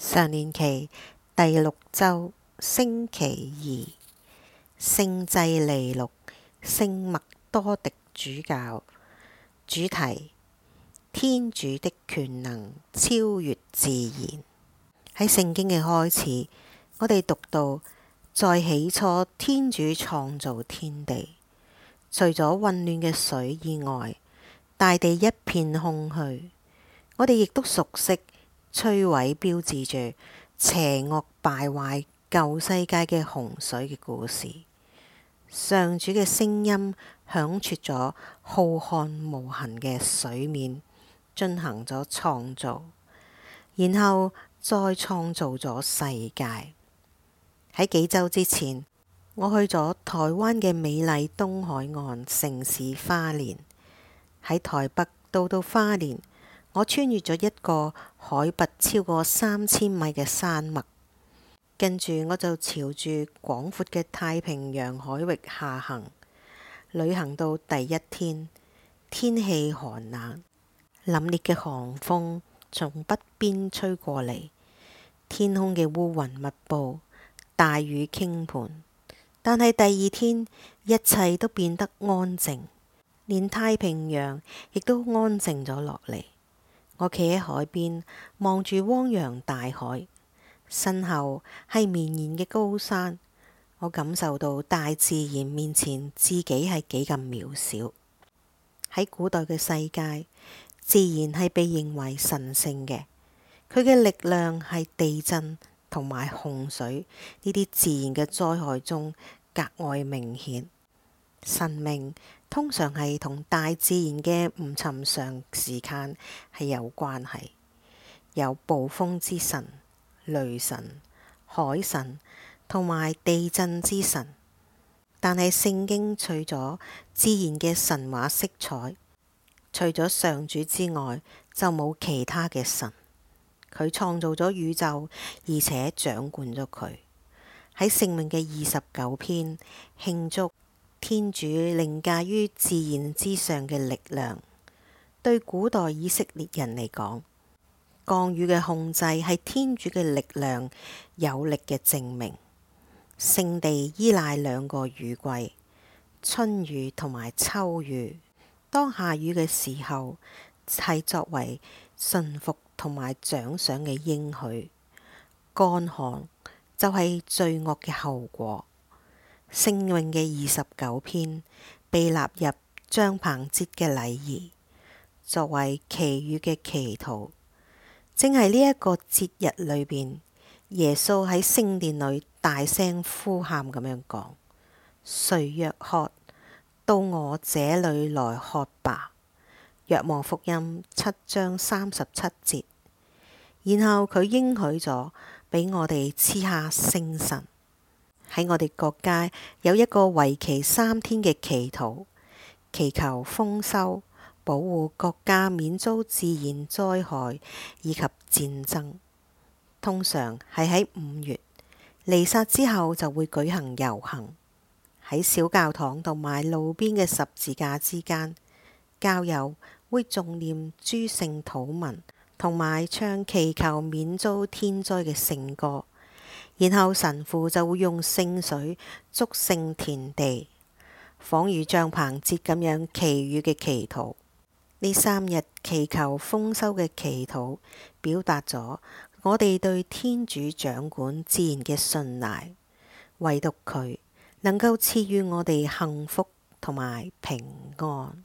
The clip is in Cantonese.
常年期第六週星期二，聖濟利祿聖默多狄主教主題：天主的權能超越自然。喺聖經嘅開始，我哋讀到在起初，天主創造天地，除咗混亂嘅水以外，大地一片空虛。我哋亦都熟悉。摧毀標誌住邪惡敗壞舊世界嘅洪水嘅故事，上主嘅聲音響徹咗浩瀚無垠嘅水面，進行咗創造，然後再創造咗世界。喺幾周之前，我去咗台灣嘅美麗東海岸城市花蓮，喺台北到到花蓮。我穿越咗一個海拔超過三千米嘅山脈，跟住我就朝住廣闊嘅太平洋海域下行。旅行到第一天，天氣寒冷，凜冽嘅寒風從北邊吹過嚟，天空嘅烏雲密布，大雨傾盆。但係第二天，一切都變得安靜，連太平洋亦都安靜咗落嚟。我企喺海邊，望住汪洋大海，身後係綿延嘅高山。我感受到大自然面前自己係幾咁渺小。喺古代嘅世界，自然係被認為神聖嘅，佢嘅力量係地震同埋洪水，呢啲自然嘅災害中格外明顯。神明通常係同大自然嘅唔尋常時間係有關係，有暴風之神、雷神、海神同埋地震之神。但係聖經除咗自然嘅神話色彩，除咗上主之外，就冇其他嘅神。佢創造咗宇宙，而且掌管咗佢。喺聖詠嘅二十九篇慶祝。天主凌駕於自然之上嘅力量，對古代以色列人嚟講，降雨嘅控制係天主嘅力量有力嘅證明。聖地依賴兩個雨季，春雨同埋秋雨。當下雨嘅時候，係作為順服同埋獎賞嘅應許，乾旱就係罪惡嘅後果。聖詠嘅二十九篇被納入張棚節嘅禮儀，作為祈雨嘅祈禱。正係呢一個節日裏邊，耶穌喺聖殿裏大聲呼喊咁樣講：，誰若渴，到我這裏來喝吧。若望福音七章三十七節。然後佢應許咗，俾我哋賜下聖神。喺我哋國家有一個為期三天嘅祈禱，祈求豐收、保護國家免遭自然災害以及戰爭。通常係喺五月，彌撒之後就會舉行遊行，喺小教堂同埋路邊嘅十字架之間，教友會頌念諸聖禱文，同埋唱祈求免遭天災嘅聖歌。然後神父就會用聖水祝聖田地，仿如帳棚節咁樣祈雨嘅祈禱。呢三日祈求豐收嘅祈禱，表達咗我哋對天主掌管自然嘅信賴，唯獨佢能夠賜予我哋幸福同埋平安。